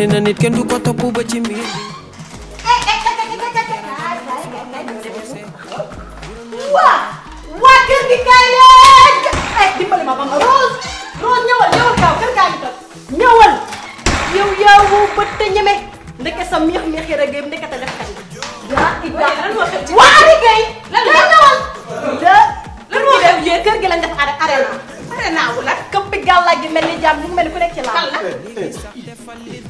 nena nit ken du ko topu ba ci mbir waa waa kër gi kaay leen eh dimbali ma rose rose yow ñeme sa miix miix def ari gay lan la de lan def gi def ku ci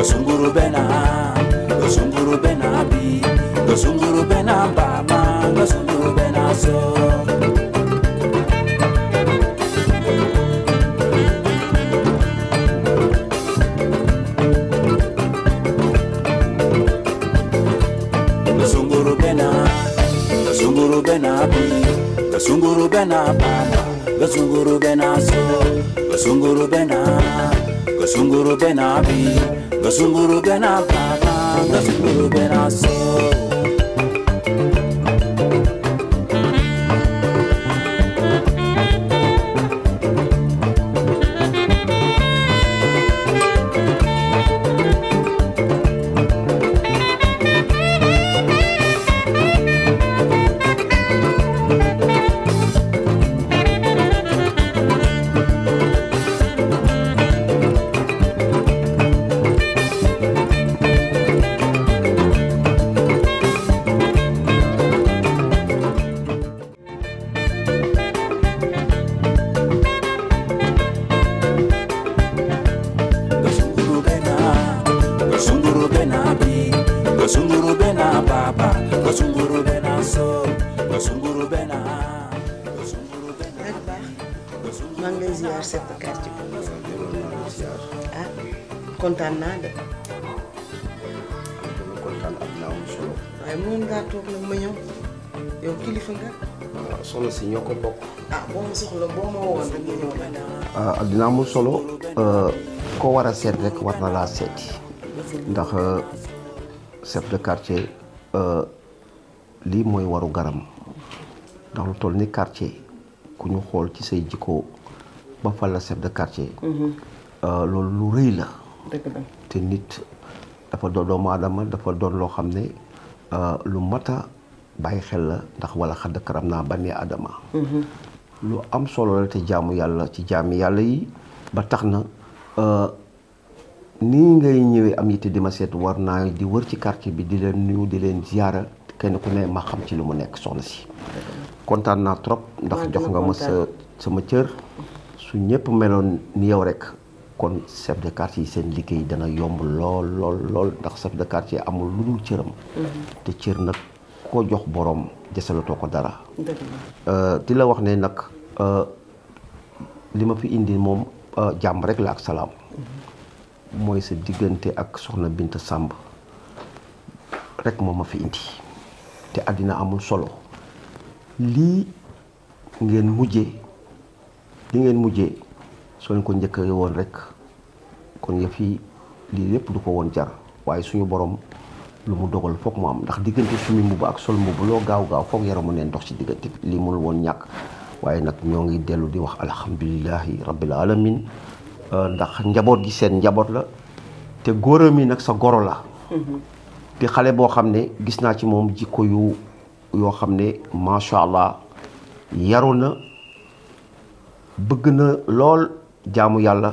do sunguru bena guru sunguru bena bi do sunguru bena baba do sunguru bena so Gasunguru bena baba, gasunguru bena so, guru bena. Gosunguru bena abi, gosunguru bena baba, gosunguru bena so. chef quartier ah, ah, kontaan naa de. Ah, si ñoo ko bokk. ah boo amul solo euh, ko war a seet rek war na laa seeti ndax euh, chef de quartier euh, lii mooy waru garam ndax lu toll ni quartier ku ñu xool ci say jikko. ba fal la chef de quartier. Mhm. Euh, loolu lu rëy la. te nit dafa doo doomu aadama dafa doon loo xam ne euh, lu mata bàyyi xel la ndax walla xadd karam naa bani aadama. Mhm. lu am solo la te jaamu yàlla ci jaami yàlla yi ba tax na euh, ni ngay ñëwee am yitte di ma seet war naa di wër ci quartier bi di leen nuyu di leen ziyaara kenn ku ne ma xam ci lu mu nekk soxna si. kontaan naa trop ndax jox nga ma sa sama cër. su ñëpp meloon ni yow rek kon chef de quartier seen liggéey dana yomb lol lol lol. ndax chef de quartier amul lu dul mm-hmm. te cër nak ko jox borom desalatoo ko dara euh, di la wax ne nak euh lima fi indi mom euh, jam rek la ak salam mm-hmm. moy sa ak soxna Binta Samb rek moma fi indi te adina amul solo li ngeen mujjé li ngeen mujjé soñ ko njëkkee woon rek kon ya fi li lepp du ko won jar waye suñu borom lu mu dogal fokk mu am ndax digënté suñu mbubb ak sol mbubb lo gaaw gaaw foog yaramu neen dox ci digënté li lii won ñak waye nak ñoo ngi di wax alhamdullilah rabbil alamin euh, ndax njabot gi seen njabot la te goromi nak sa goro la di xalé bo xamné gis na ci mom jikko yu yo xamné ne sha allah yaruna bëgg na lool jaamu yàlla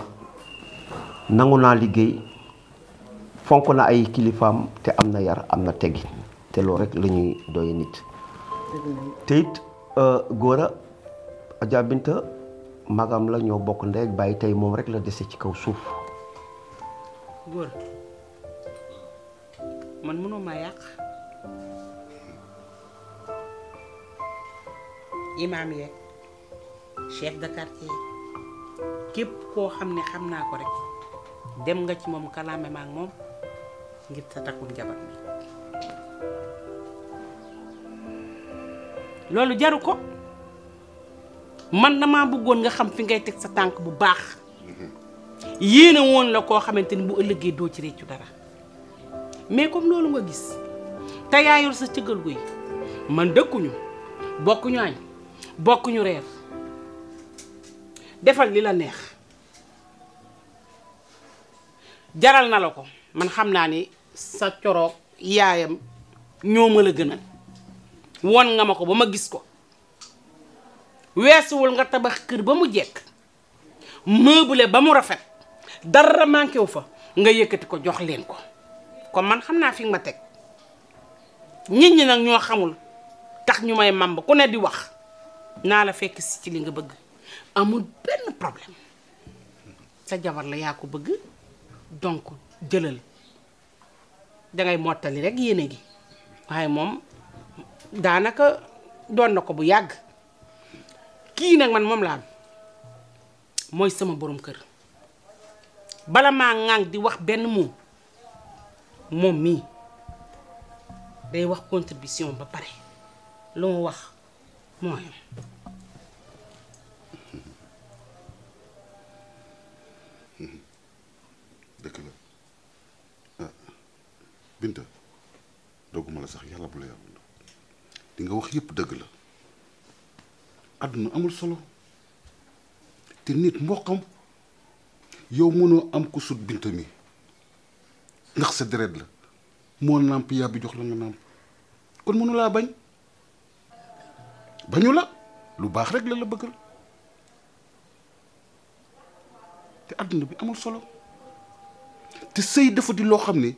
nangu naa liggéey fonk na ay kilifaam te am na yar am na teggi te loolu rekk lañuy doy nit te it euh, góora Adja magam la ñoo bokk ndey ak bàyyi tey moom rek la dese ci kaw suuf góor man mënoo maa yàq chef de quartier képp koo xam ne xam naa ko rek dem nga ci moom kalaame ma moom ngir sa takkum jabar mi loolu jaru ko man damaa bëggoon nga xam fi ngay teg sa tànk bu baax yéene woon la koo xamante ni bu ëllëgee doo ci réccu dara mais comme loolu nga gis te yaa sa cëgal guy man dëkkuñu bokkuñu añ bokkuñu reer defal li la neex jaral na la ko man xam naa ni sa coroog yaayam ñoo ma la gën a won nga ma ko ba ma gis ko weesuwul nga tabax kër ba mu jekk meuble ba mu rafet dara manqué wu fa nga yëkkati ko jox leen ko kon man xam naa fi nga ma teg nit ñi nag ñoo xamul tax ñu may màmb ku ne di wax naa la fekk si ci li nga bëgg amul ben problème sa jabar la ya ko bëgg donc jëlal ngay motali rek yene gi waye mom danaka don nako bu yag ki nak man mom la moy sama borom kër bala mangang ngang di wax ben mu mom mi day wax contribution ba pare lu mu wax moy binta doguma la sax yalla bu la yàlla ndaw nga wax yep deug la aduna amul solo te nit mbokam yow mëno am ku sut binta mi ndax sa dred la mo namp ya bi jox la nga namp kon mënu la bañ bañu la lu bax rek la la bëggal te aduna bi amul solo te sey dafa di lo xamni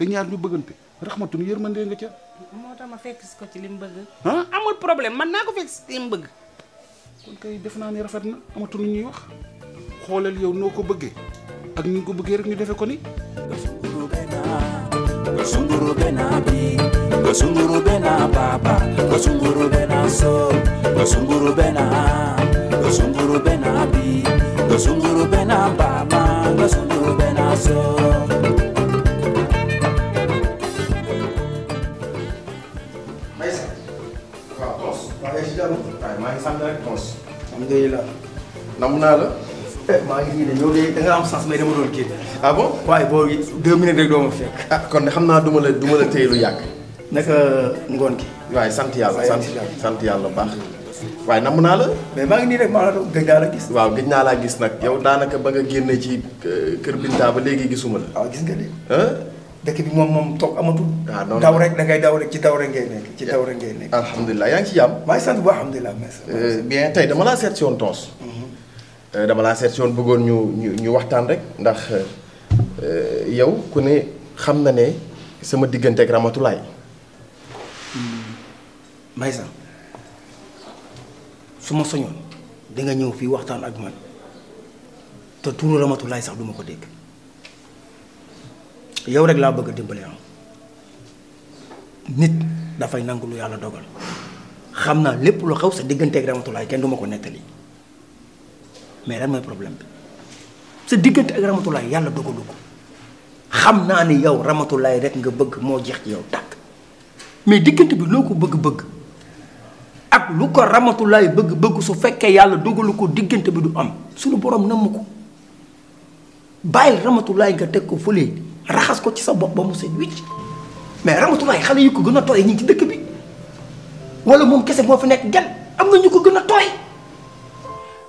te ñaar ñu bëggante rahmatun yërmande nga ca moo tax ma fekk ko ci lim bëgg amul problème man nako fekk ci lim bëgg kon kay def na ni rafet na amatu lu ñuy wax xolal yow noko bëgge ak ñu ko bëgge rek ñu defé ko ni Gosunguru bena bi, gasunguru bena baba, gosunguru bena so, gosunguru bena, gosunguru bena bi, gosunguru bena baba, gosunguru bena so. maa sant rek mos. alhamdulilah. namm naa la. Eh, maa ngi nii de da nga am sens mais dama doon kii. ah bon waaye boo deux minutes rek doo ma fekk. Ah, xam naa duma la duma la téye lu yàgg. naka ngoon gi. waaye sant yàlla sant sant yàlla baax. waaye namm naa la. mais maa ngi nii rek maa la doon gëj naa la gis. waaw gëj naa laa gis nag yow daanaka ba nga génne ci eh, kër Binta ba léegi gisuma la. waaw ah, gis nga de. dëkk bi moom moom toog amatul. daw rek da ngay daw rek ci daw rek ngay nekk ci daw rek ngay nekk. alhamdulilah yaa ngi ci jàmm. maa ngi sant bu baax alhamdulilah. bien tey dama laa seet si woon Tons. dama laa seet si woon bëggoon ñu ñu ñu waxtaan rek ndax yow ku ne xam na ne sama diggante ak Ramatulaay. Hmm. Maysa su ma soñoon danga ñëw fii waxtaan ak man te tuuru Ramatulaay sax duma ko dégg. yow rek laa bëgg a dimbali nit dafay nangu lu yàlla dogal xam naa lépp lu xew sa digganteeg Ramatulaay kenn duma ko nettali mais lan mooy problème bi sa diggante ak Ramatulaay yàlla dogalu ko xam naa ni yow Ramatulaay rek nga bëgg moo jeex ci yow takk mais diggante bi loo ko bëgg-bëgg ak lu ko Ramatulaay bëgg-bëgg su fekkee yàlla dogalu ko diggante bi du am suñu borom nam ko bàyyil Ramatulaay nga teg ko fële. raxas ko ci sa ba mu mais un xalé yu ko gëna un bon ñi ci dëkk bi wala kese moo fi nekk gan am ko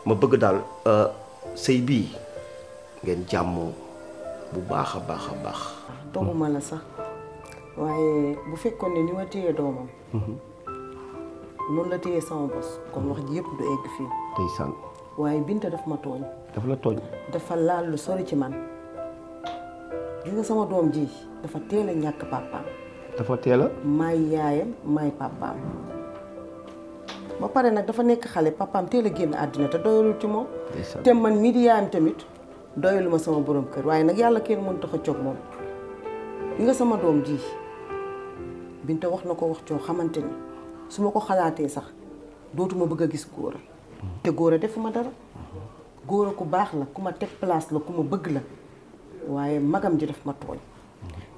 ma bëgg daal euh, sëy un ngeen jàmmoo bu baax a baax a la sax waaye bu fekkoon ne ni ma téye doomam. Mhm. noonu la téye sama bos un wax ji yëpp du egg fii. tey sànq. waaye binte daf ma tooñ. la dafa ci man. gis nga sama doom ji dafa teel a ñàkk papaam. dafa teel may yaayam maay papaam. ba pare nag dafa nekk xale papaam teel a génn àddina te doyalul ci moom. te man mii di yaayam tamit doyalu ma sama borom kër waaye nag yàlla kenn mënut a xëccoog moom. li nga sama doom ji Binta wax na ko wax coo xamante ni su ma ko xalaatee sax dootuma bëgg a gis mm-hmm. góora te góor a defuma dara mm-hmm. góor ku baax la ku ma teg place la ku ma bëgg la. waaye magam ji daf ma tooñ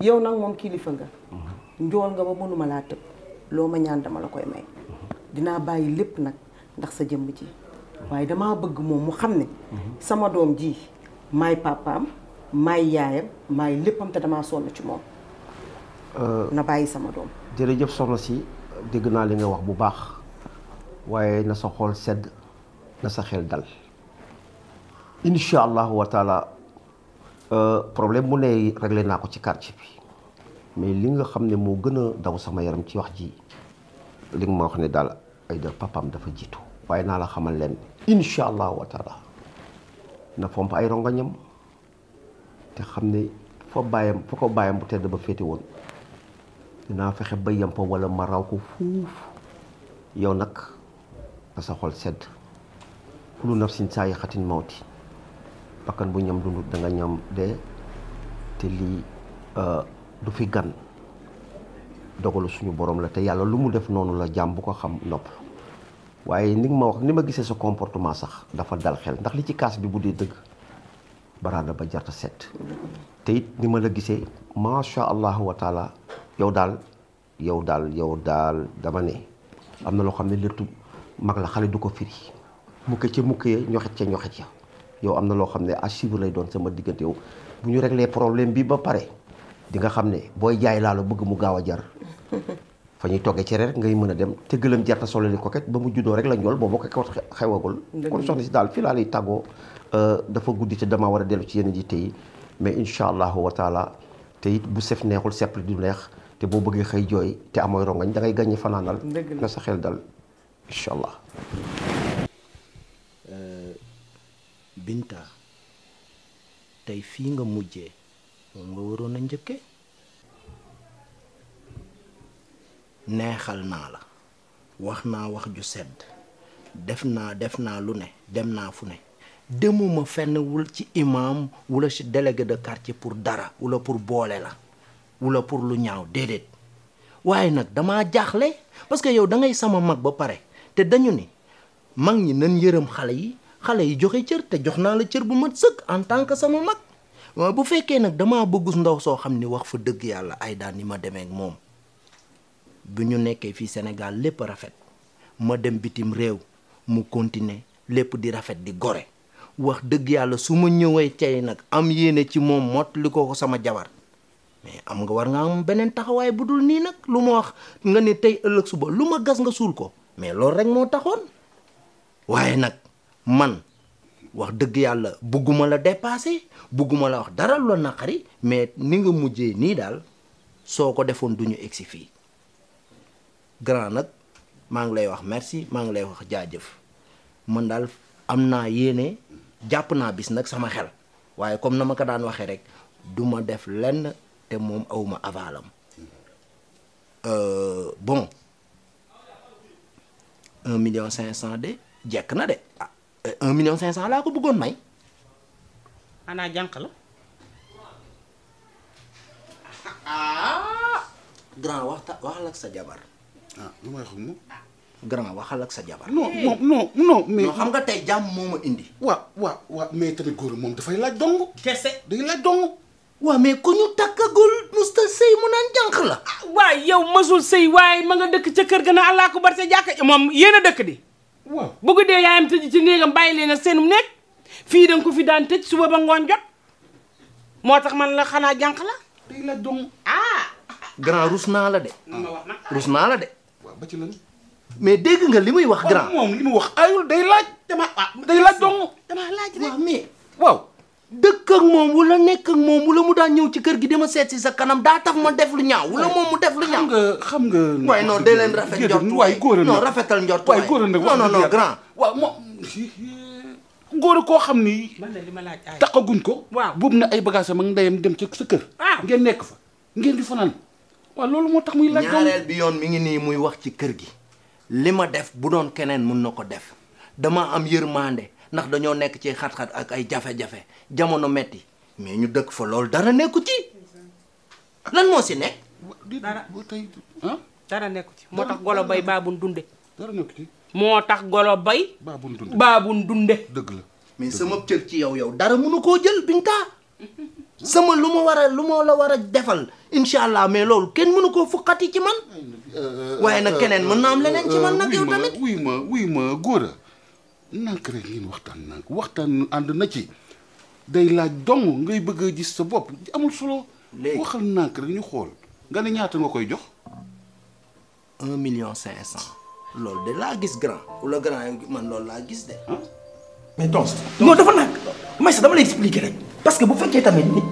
yow nag moom kilifa nga njool nga ba mënuma laa tëb loo ma ñaan dama la koy may dinaa bàyyi lépp nag ndax sa jëmm ji waaye damaa bëgg moom mu xam ne sama doom ji maay papaam maay yaayam maay léppam te damaa sonn ci moom euh, na bàyyi sama doom jërëjëf soxna si dégg naa li nga wax bu baax waaye na sa xool sedd na sa xel dal incha allahu Eh, problème mu lay réglé naa ko ci quartier bi mais li nga xamné mo gëna daw sama yaram ci wax ji li nga ma wax ne dal ay da papam dafa jitu waaye na la xamal len inshallah wa taala na fomp ay rongañam te xamné fo bayam fo ko bayam bu tedd ba fété won dina fexé bayam wala ma raw ko fuuf yow nak sa xol sedd kulu nafsin saa mautin pakan bu ñam dund da nga ñam de te euh du fi gan dogolu suñu borom la te yalla lu mu def nonu la jàmm bu ko xam nopp waye ni ma wax ni ma gisee sa comportement sax dafa dal xel ndax li ci kaas bi deug ba jarta set te it ni ma la gisee sha allah wa taala yow dal yow dal yow dal dama ne am lo xamne lettu mag la xali du ko firi mukke ca mukke ya, ñoxet ci ñoxet ci ya yow amna lo loo ne archive lay doon sama digënté yow bu ñu réglé problème bi ba pare di nga xam ne jaay la la bëgg mu gawa jar fa ñuy toggee rek ngay mëna a dem te gëlëm jarta solo li koket ba mu juddo rek la ñol boobu ko xewagul kon soxna ci dal fi la lay euh dafa guddi ci dama wara a ci yeen ji tey mais inshallah wa taala te bu sef neexul sepp du neex te bo bëggé xey joy té amoy rongañ da ngay gàññi fanaanal na sa xel dal inshallah allah euh, Binta tey fii nga mujjee moom nga waroon a njëkke neexal naa la wax naa wax ju sedd def naa def naa lu ne dem naa fu ne demuma fenn wul ci imam wula ci délégué de pour dara wula pour boole la wula pour lu ñaaw déedéet waaye nag damaa jaaxle parce que yow da ngay sama mag ba pare te dañu ni mag ñi nan yërëm xale yi xalé yi joxe cër te joxna la cër bu mat sëkk en tant que sama mak wa bu fekkee nag damaa bëggus ndaw so xamni ni wax fa dëgg yalla ay daan ni ma démé ak mom bu ñu nekké fi Sénégal lépp rafet ma dem bitim réew mu continuer lépp di rafet di gore wax dëgg yalla suma ñëwé tay cay am yéné ci mom mot liko ko sama jabar mais am nga war nga am benen taxaway bu dul nii lu mo wax nga ni tay ëlëk suba lu gas nga sul ko mais lool rek mo taxone waye nak man wax dëgg yàlla bugguma la dépassé bugguma la wax dara lu la naqari mais ni nga mujjee nii daal soo ko defoon duñu egsi fii grand nag maa ngi lay wax merci maa ngi lay wax jaajëf man daal am naa yéene jàpp naa bis nag sama xel waaye comme na ma ko daan waxee rek duma def lenn te moom awma avalam euh, bon un million cinq cent de jekk na de ah, Euh, un million cinq cent laa ko bëggoon may. ana jànq la. Ah, grand wax waxal ak sa jabar. ah lu may xam sa jabar. xam nga tey jàmm moo ma indi. waaw waaw waaw mais tamit góor moom dafay laaj dong. kese day laaj dong. waaw mais ku ñu takkagul musta sëy mu naan jànq la. Ah, waaw yow masul sëy waaye ma nga dëkk ca kër ga na allah ku bar sa jàkka moom yéen a dëkk di. waaw bu guddee yaayam tëj ci néegam bàyyi leen na seenum nekk fii da ko fi daan tëj suba ba ngoon jot moo tax man la xanaa jànq la. tey la dong ah. grand rus naa la de. ma rus naa la de. waaw ba ci mais dégg nga li muy wax. grand moom li mu wax ayul day laaj. dama ah day laaj dong. dama laaj rek waaw mais waaw. dekk ak moom wala nek ak mom wala mu da ñew ci kër gi dama sét ci sa kanam da taf ma def lu ñaaw wala mom mu def lu ñaaw. xam nga xam nga. way non no no rafet njort non rafetal njort waay nak non non grand. wa mo góor ko xamni man la lima ma laaj ay taxaguñ ko. waaw na ay bagage am ak dem ci sa kër. ngeen nek fa ngeen di fanaan. wa lolu mo tax muy e laaj. ñaarel bi yoon mi ngi ni muy wax ci kër gi. lima def bu doon keneen mun nako ko def dama am yermande ndax dañoo nekk ci xat-xat ak ay jafe-jafe jamono metti mais ñu dëkk fa loolu dara nekku ci lan moo si nekk. dara dara nekku ci moo tax golo bay baabun dunde. dara moo tax golo bay. baabun dunde baabun dunde. dëgg mais sama cër ci yow yow dara mun a koo jël Binta. sama lu ma war a lu ma la war a defal incha mais loolu kenn mënu koo fukkati ci man. Euh, waaye nag euh, keneen mën na am euh, leneen ci man nag yow tamit. wuy ma wuy ma góor nank rek ngeen waxtan nak waxtan and na ci day laaj dong ngay bëgg a gis sa bopp amul solo. waxal nak rek ñu xol nga ne ñaata nga koy jox. 1 million cinq cent. de la gis grand. ou le grand man loolu la gis de. Hein? mais donc. non dafa nank Maïssa dama lay expliquer rek. parce que bu fekkee tamit nit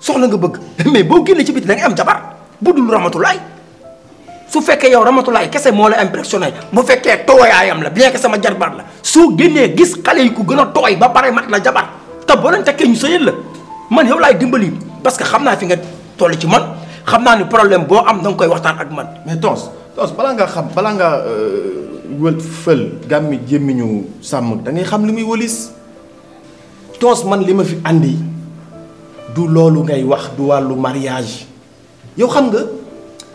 soxla nga bëgg mais bo génnee ci biti da nga am jabar budul ramatou lay su fekke yow rahmatullahi kesse mo la impressionné fekke toy ayam la bien que sama jarbar la su génnee gis xalé yi ku gëna a ba paré mat la jabar ta boo leen tekkee ñu seyel la man yow lay dimbali parce que xamna fi nga toll ci man xamna ni problème bo am dang koy waxtaan ak man. mais Tons Tons bala nga xam bala nga euh, wël fël gàmmi jémmiñu sam da ngay xam limuy muy wëlis Tons man lima fi andi du lolou ngay wax du walu mariage yow xam nga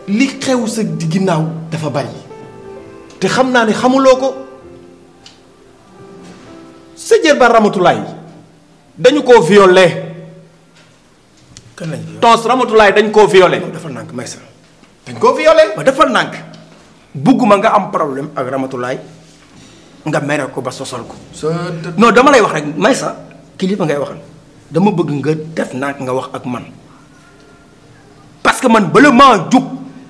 li xew sa ginnaw dafa bari te xamna ni xamuloko sa jeer ba ramatulaay dañ ko violé kan lañ tons ramatulaay dañ ko violé dafa nank may sa dañ ko violé ba dafa nank buguma nga am problème ak ramatulaay nga mere ko ba sosol ko non dama lay wax rek may sa kilifa ngay waxal dama bëgg nga def nànk nga wax ak man parce que man bala maa jug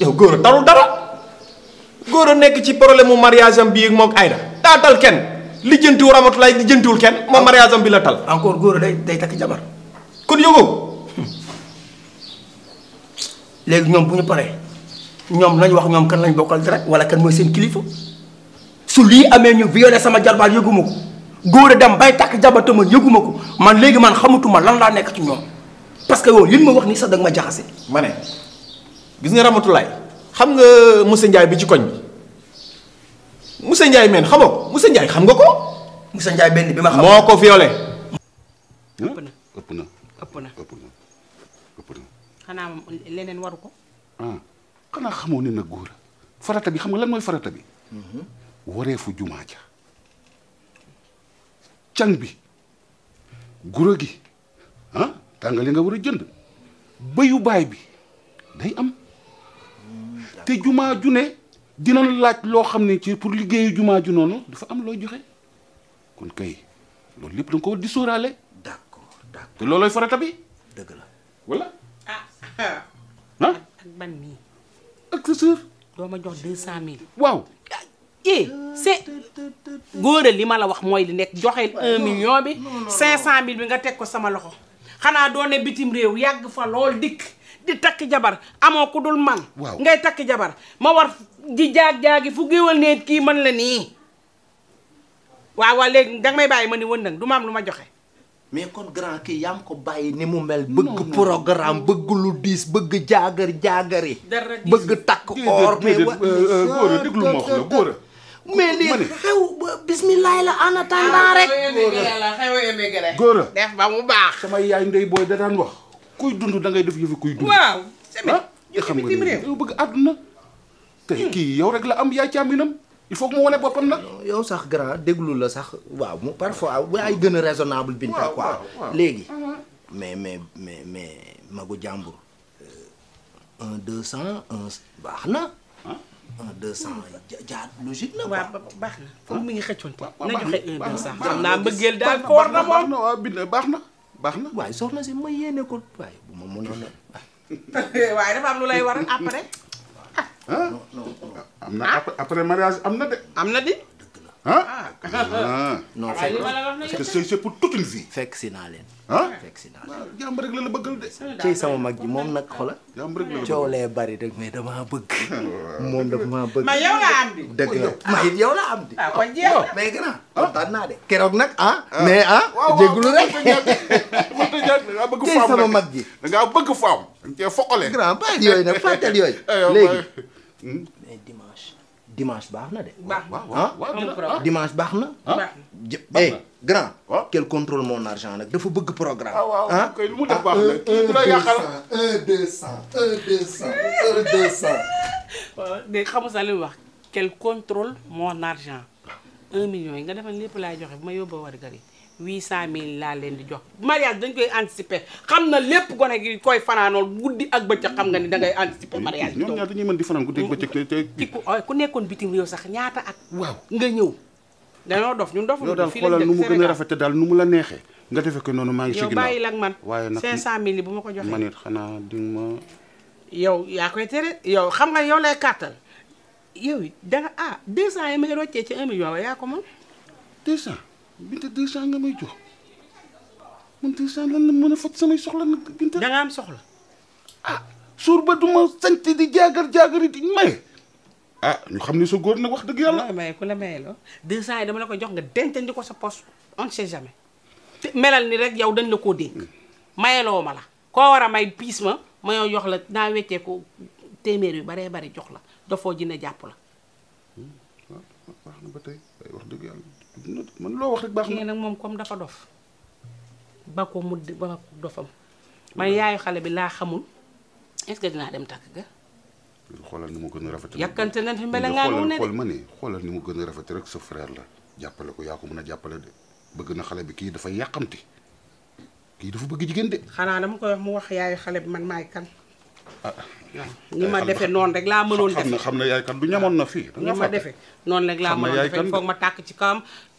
yow goor tarul dara goor nek ci problème mariage am ak mok ayda taatal kenn lijjantiwu ramatulaay lijjantiwul ken mo mariage am bi la tal encore goor day day tak jabar kon yogo legui ñom buñu paré ñom lañ wax ñom kan lañ bokal direct wala kan moy seen kilifa su li amé ñu violer sama jarbaat yegumako goor dem bay takk jabar te man yëguma man léegi man xamatuma lan la nek ci ñom parce que yow ma wax ni sa dag ma jaxase mané gis nga Ramatulaay xam nga Moussa Ndiaye bi ci koñ bi Moussa Ndiaye men xamoo ko Moussa Ndiaye xam nga ko. Moussa Ndiaye benn bi ma xam moo ko violé. ëpp na na ëpp na xanaa leneen waru ko. ah xanaa xamoo ne nag góor farata bi xam nga lan mooy farata bi. Mm-hmm. wareefu jumaa ja can bi guro gi ah tàngali nga war a jënd béyu baay bi day am. té djuma djuné ne laaj lo xamné ci pour liggéeyu djuma ju noonu dafa am lo joxé kon kay loolu lépp da ko di sóoraale. d'accord d'accord te loolooy farata bi. dëgg la wala. ah ah. ak man mii. ak sa sœur. doo ma jox 200000 waaw. eh c'est góora li mala wax moy li nek joxe 1 million bi. 500000 bi nga tek ko sama loxo. xana doo ne bitim réew yag fa lool dik di tak jabar amo ku dul man wow. ngay tak jabar ma war di jaag-jaagi fu géwal neet ki man la ni wa wa leg danga may baye ma ni nak du mam luma joxe mais kon grand ki yam ko baye ni mu mel beug programme beug lu dis beug jaagar jaagari beug tak or mais goor deug lu ma wax la góor mais xew bismillah la en attendant rek ah, góor def ba mu sama yaay ndey booy da daan wax kuy dund da ngay def yëfi kuy dund. waaw sëñ bi ah, xam nga ni bëgg àdduna. te hmm. kii yow rek la am yaa caaminam il faut que mu wane boppam na yow sax grand déglu la sax waaw mu parfois bu ay gën a raisonnable. binta quoi léegi. Ah, ah. mais mais mais mais magu jàmbur. Euh, un cent baax na. un deux cent jaar logique na. waaw baax na foofu mi ngi xëccoon. waaw baax baax na baax na baax na baax na baax na eh, waaye soxna si ma yéene ko waaye bu ma mënoon a. Eh, waaye dafa am lu après. Ah. am na après mariage am na de. am na di. dëgg ah. ah. ah non fekk si naa leen. ah fekk si naa leen. jàmm la la bëggal de. cey sama mag ji moom nag xola la la coow lee bari rek mais damaa bëgg. moom dafa bëgg. ma yow la am di. dëgg la ma it yow ah, ah. naa de. keroog nag ah. ah. mais ah jégalu rek. waaw sama mag ji. da ngaa bëgg faam. da nga dimanche baax ah, ah, ah, dimanche baax eh, eh, grand. quel contrôle mon argent dafa bëgg programme. ah un sa quel contrôle mon argent un million nga defal lepp lay joxe bu ma war gari cent 800000 laa leen di jox mariage dañ koy anticiper xam na lépp gone gi koy fanaanool guddi ak bëccëg xam nga ni dangay anticiper mariage bi. ñoom ñaar dañuy mën di fanaan guddi ak bëccëg te ci ku nekkoon bitim réew sax ñaata at. waaw nga ñëw. dañoo dof ñun dof daal xoolal la neexee. nga defe ko noonu maa ngi si ginnaaw yow bàyyi la ak man. waaye yi bu ma ko joxee. man it xanaa yow yaa koy tere yow xam nga yow lay kàttal yow it danga ah 200 yi ma ngi roccee ci 1 yaa ko moom 200 Binta deux cent nga may jox man deux cent lan la mën a faj samay soxla nag Binta. da am soxla. ah suur ba du ma sant di jaagar jaagar di maye. ah ñu xam ne su góor nag wax dëgg yàlla. maye ku la maye loo deux cent yi dama la ko jox nga dencandi ko sa poche on ne melal ni rek yow dañ la koo dénk. mayeloo ma la. koo war a may biis ma ma yow jox la naa weccee ko téeméer yu baree bari jox la dafoo dina jàpp la. Hmm, dëgg yàlla. man loo wax rek baax na nag moom comme dafa dof ba ko mu ba ko dofam man yaayu xale bi laa xamul est-ce que dinaa dem takk ga xoolal ni mu gën a rafet yàkkante nañ fi mbele ma xoolal ni mu gën a rafet rek sa frère ko yaa mën a jàppale de bëgg na bi kii dafa yàqamti kii bëgg jigéen de xanaa dama koy wax mu wax yaayu xale bi man maay kan ah ni ma defe noonu rek laa mënoon defe xam na yaay kan du ñamoon na fii ni ma defe noonu rek laa mënoon defe foog ma tàkk ci kawam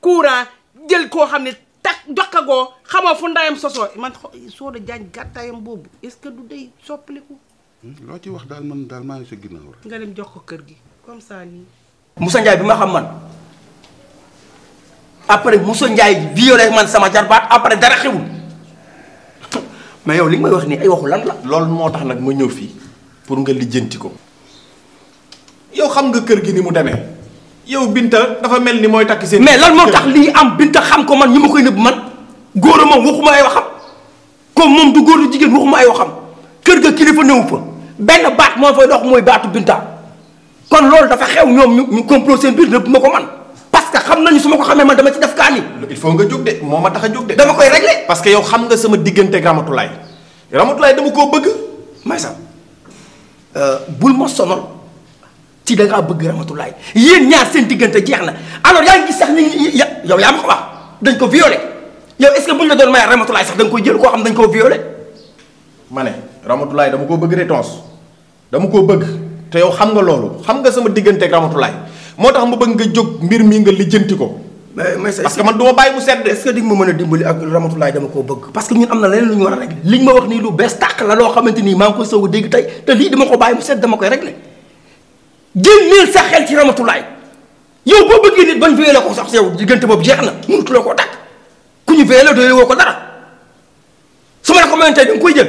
courant jël koo xam ne tak jokkagoo xamoo fu ndayam sosoo man Soda Diagne gàttaayam boobu est-ce que du day soppaliku. Hmm, loo ci wax daal man daal maa ngi sa ginnaaw rek. nga dem jox ko kër gi comme ça nii. bi ma xam man après Moussa Ndiaye violé man sama jarbaat après dara xewul mais yow li nga may wax nii ay waxu lan la. loolu moo tax nag ma ñëw fii pour nga lijjanti ko. yow xam nga kër gi ni mu demee. yow Binta dafa melni moy takki sen mais lan mo tax li am Binta xam ko man ñu koy neub man góor a waxuma ay waxam ko mom du góor du jigéen waxuma ay waxam keur ga kilifa neewu fa ben baat mo fay dox moy baatu Binta kon lool dafa xew ñom ñu ñu complot seen biir nëbb ma man. parce que xam nañu suma ko xamee man dama ci def kaani. il faut nga jog de moma taxa jog de. dama koy régler. parce que yow xam nga sama diggante ak Ramatulaay dama ko bëgg may sa euh bul ma sonal ci da nga bëgg rahmatullah yeen ñaar seen digënté jeexna alors ya ngi sax ñi yow ya ma ko wax dañ ko violer yow est ce que buñ la doon may rahmatullah sax dañ ko jël ko xam dañ ko violer mané rahmatullah dama ko bëgg rétons dama ko bëgg te yow xam nga loolu xam nga sama digënté ak rahmatullah motax mu bëgg nga jog mbir mi nga lijeenti ko parce que man duma bayyi mu sedd est ce que dig ma mëna dimbali ak rahmatullah dama ko bëgg parce que ñun amna leneen luñu wara régler liñ ma wax ni lu bes tak la lo xamanteni ma ko sawu dégg tay te li dama ko bayyi mu sedd dama koy régler génneel sa xel ci ramatulaay yow bo bëggee nit ban veela ko sax yow digënté bob jeexna na mënatuloo koo tàkk ku ñu veela doy woo ko dara suma ko mënté ñu koy jël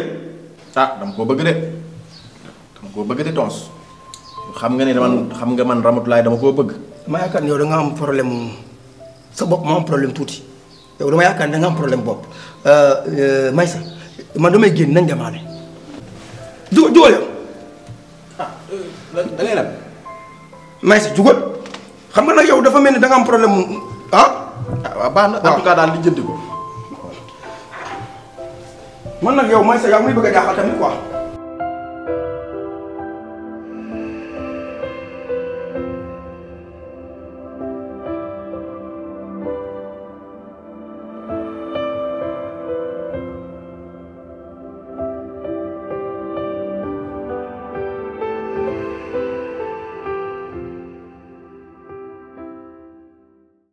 ah dama ko bëgg de dama ko bëgg de tons xam nga né dama xam nga man ramatulaay dama ko bëgg ma yakkan yow da nga am problème sa bop mo am problème touti yow dama yakkan da nga am problème euh, euh, may sa man damay génn nañ demaale du du yow ah euh, da ngay may si jugal xam nga yow dafa melni da nga am problème ah. waaw ah, baax na en tout cas daal lijjanti ko. man nak yow may sa yaa muy bëgg a jaaxal tamit quoi.